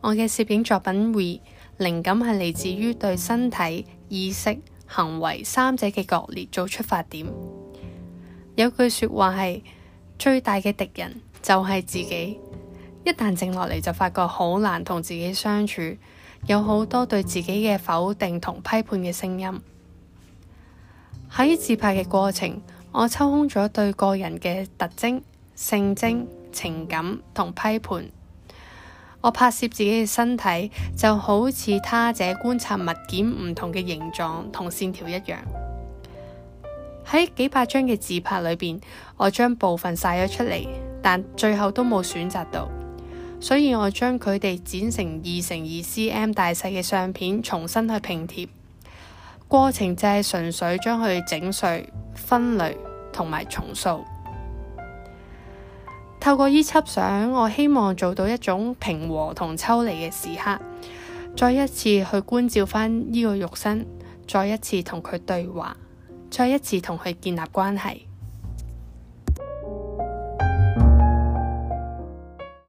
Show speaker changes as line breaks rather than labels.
我嘅攝影作品會靈感係嚟自於對身體、意識、行為三者嘅割裂做出發點。有句說話係最大嘅敵人就係自己。一旦靜落嚟，就發覺好難同自己相處，有好多對自己嘅否定同批判嘅聲音。喺自拍嘅過程，我抽空咗對個人嘅特徵、性徵、情感同批判。我拍攝自己嘅身體，就好似他者觀察物件唔同嘅形狀同線條一樣。喺幾百張嘅自拍裏邊，我將部分曬咗出嚟，但最後都冇選擇到，所以我將佢哋剪成二乘二 cm 大細嘅相片，重新去拼貼。過程就係純粹將佢整碎、分類同埋重塑。透過呢輯相，我希望做到一種平和同抽離嘅時刻，再一次去觀照翻呢個肉身，再一次同佢對話，再一次同佢建立關係。